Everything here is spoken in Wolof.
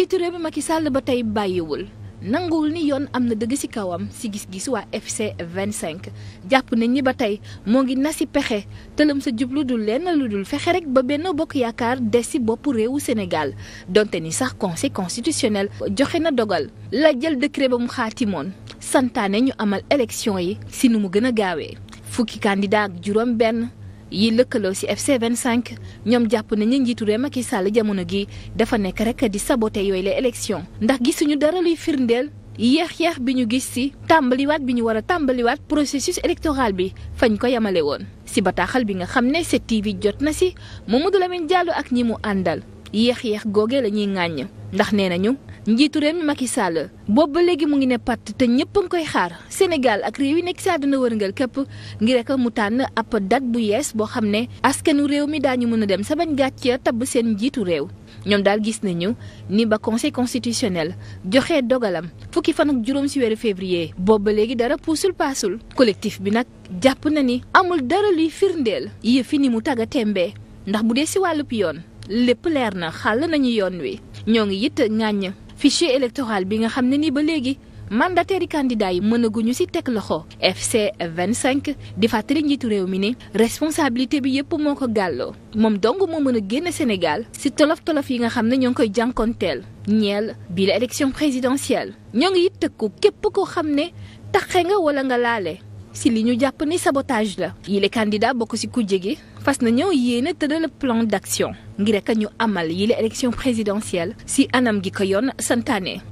njiitu réew mi Macky Sall ba tey bàyyiwul nanguwul ni yoon am na dëgg ci kawam ci gis-gis waa FC 25 jàpp nañ ni ba tey moo ngi nasi pexe tëlam sa jublu dul lenn lu dul fexe rek ba benn bokk yaakaar des ci boppu réewu Sénégal donte ni sax conseil constitutionnel joxe na dogal la jël décret ba mu xaatimoon santaane ñu amal élection yi ci nu mu gën a gaawee fukki candidat ak juróom benn yi lëkkaloo ci FC 25 ñoom jàpp nañu njiitu réew Macky Sall jamono gi dafa nekk rek di saboté yooyu la élection ndax gisuñu dara luy firndeel yéex-yéex bi ñu gis ci tàmbaliwaat bi ñu war a tàmbaliwaat processus électoral bi fañ ko yemale woon ci bataaxal bi nga xam ne 7 bi jot na ci Mamadou Lamine Diallo ak ñi mu àndal yéex-yéex googee la ñuy ŋàññ ndax nee nañu njiitu réew mi Macky Sall boobu ba léegi mu ngi ne patt te ñëpp a ngi koy xaar Sénégal ak réew yi nekk si àdduna wërngal képp ngir rek mu tànn ab date bu yees boo xam ne askanu réew mi daañu mën a dem sa bañ gàccee tabb seen njiitu réew ñoom daal gis nañu ni ba conseil constitutionnel joxe dogalam fukki fan ak juróom si weeru février boobu ba léegi dara puusul paasul collectif bi nag jàpp na ni amul dara luy firndeel yëfi ni mu tagga tembe ndax bu dee si wàllub yoon lépp leer na xàll nañu yoon wi ñoo ngi it ŋàññ fichier électoral bi nga xam ne ni ba léegi mandataires yi yi mënaguñu ci teg loxo FC 25 di fàttali njiitu réew mi ne responsabilité bi yépp moo ko gàlloo moom dong moo mën a génn Sénégal ci tolof-tolof yi nga xam ne ñoo ngi koy jànkonteel ñeel bi la élection présidentielle ñoo ngi it tëkku képp koo xam ne taxe nga walla nga laale si li ñu jàpp ni sabotage la. yile candidat bokk si kujje gi fas na ñëw yéene tëral plan d' action ngir rek ñu amal yile élection présidentielle si anam gi ko yoon santaane.